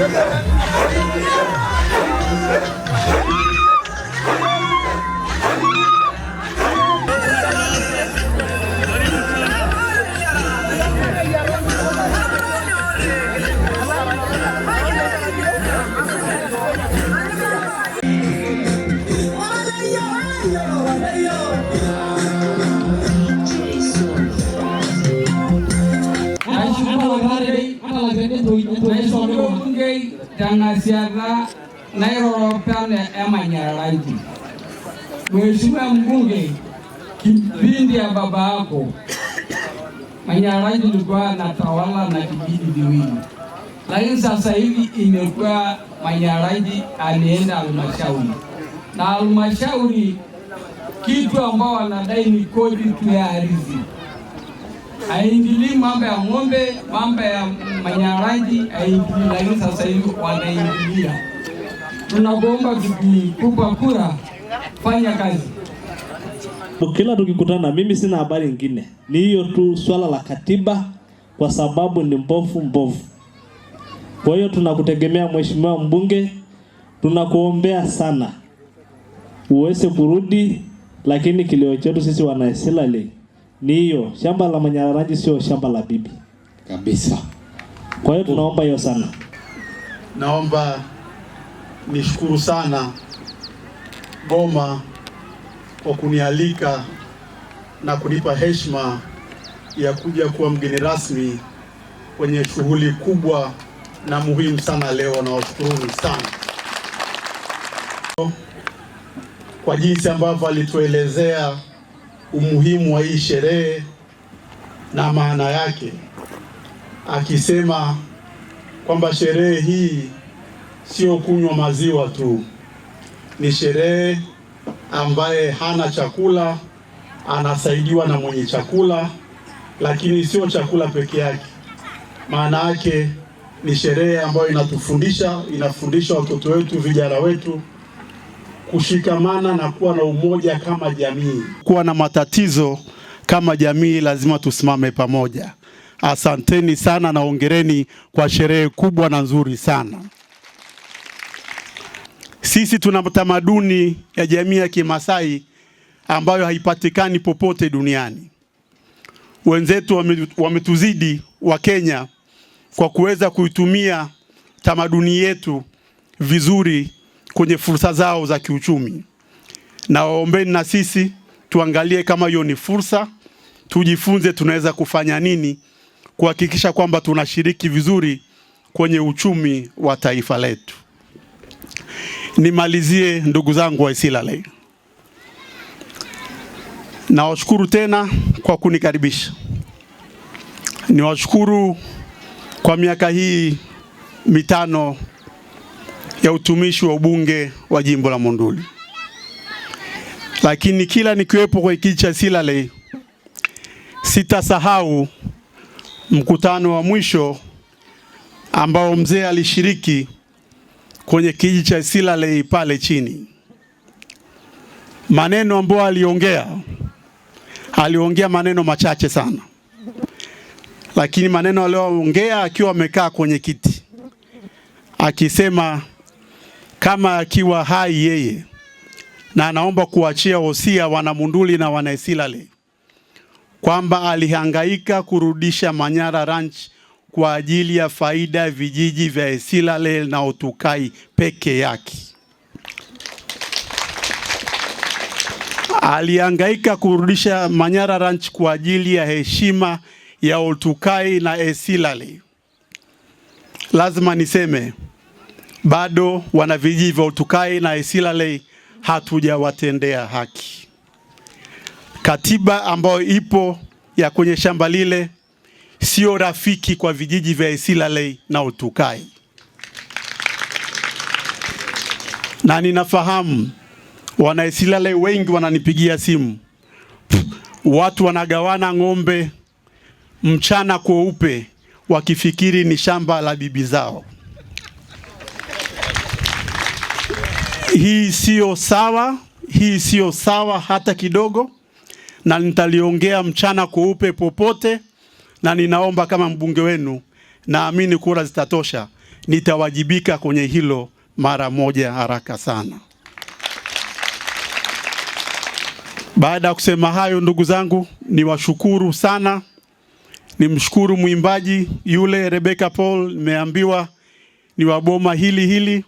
Thank you. sodo ngei tangasiara nairorotane emanyararaji Mheshimiwa mbunge, kipindi ya baba yako Manyararaji ilikuwa natawala na kijiji viwili, lakini sasa hivi imekuwa Manyararaji alienda halmashauri, na halmashauri kitu ambao wanadai ni kodi tu ya ardhi haingilii mambo ya ng'ombe, mambo ya manyaraji haingilii, lakini sasa hivi wanaingilia. Tunakuomba kupa kura, fanya kazi. Kila tukikutana, mimi sina habari nyingine, ni hiyo tu swala la katiba, kwa sababu ni mbovu mbovu. Kwa hiyo tunakutegemea mheshimiwa mbunge, tunakuombea sana uweze kurudi, lakini kilio chetu sisi wana ni hiyo, shamba la Manyararaji sio shamba la bibi kabisa. Kwa hiyo tunaomba hiyo sana. Naomba nishukuru sana Goma kwa kunialika na kunipa heshima ya kuja kuwa mgeni rasmi kwenye shughuli kubwa na muhimu sana leo, na washukuruni sana kwa jinsi ambavyo alituelezea umuhimu wa hii sherehe na maana yake, akisema kwamba sherehe hii sio kunywa maziwa tu, ni sherehe ambaye hana chakula anasaidiwa na mwenye chakula, lakini sio chakula peke yake. Maana yake ni sherehe ambayo inatufundisha, inafundisha watoto wetu, vijana wetu kushikamana na kuwa na umoja kama jamii. Kuwa na matatizo kama jamii, lazima tusimame pamoja. Asanteni sana na ongereni kwa sherehe kubwa na nzuri sana. Sisi tuna tamaduni ya jamii ya Kimasai ambayo haipatikani popote duniani. Wenzetu wametuzidi wa Kenya kwa kuweza kuitumia tamaduni yetu vizuri kwenye fursa zao za kiuchumi, na waombeni na sisi tuangalie kama hiyo ni fursa, tujifunze tunaweza kufanya nini kuhakikisha kwamba tunashiriki vizuri kwenye uchumi wa taifa letu. Nimalizie ndugu zangu wa Isilale, nawashukuru tena kwa kunikaribisha, niwashukuru kwa miaka hii mitano ya utumishi wa ubunge wa jimbo la Monduli, lakini kila nikiwepo kwa kijiji cha Silale sitasahau mkutano wa mwisho ambao mzee alishiriki kwenye kijiji cha Silale pale chini. Maneno ambayo aliongea, aliongea maneno machache sana, lakini maneno aliyoongea akiwa amekaa kwenye kiti akisema kama akiwa hai yeye, na anaomba kuachia wosia Wanamunduli na wanaisilali kwamba alihangaika kurudisha Manyara Ranch kwa ajili ya faida vijiji vya Isilale na Otukai peke yake. Alihangaika kurudisha Manyara Ranch kwa ajili ya heshima ya Otukai na esilale Lazima niseme bado wana vijiji vya Oltukai na Isilalei hatujawatendea haki. Katiba ambayo ipo ya kwenye shamba lile sio rafiki kwa vijiji vya Isilalei na Oltukai, na ninafahamu wana Isilalei wengi wananipigia simu, watu wanagawana ng'ombe mchana kweupe, wakifikiri ni shamba la bibi zao. Hii siyo sawa, hii siyo sawa hata kidogo, na nitaliongea mchana kweupe popote, na ninaomba kama mbunge wenu, naamini kura zitatosha, nitawajibika kwenye hilo mara moja haraka sana. Baada ya kusema hayo, ndugu zangu, niwashukuru sana. Nimshukuru mwimbaji yule Rebecca Paul, nimeambiwa ni waboma hili hili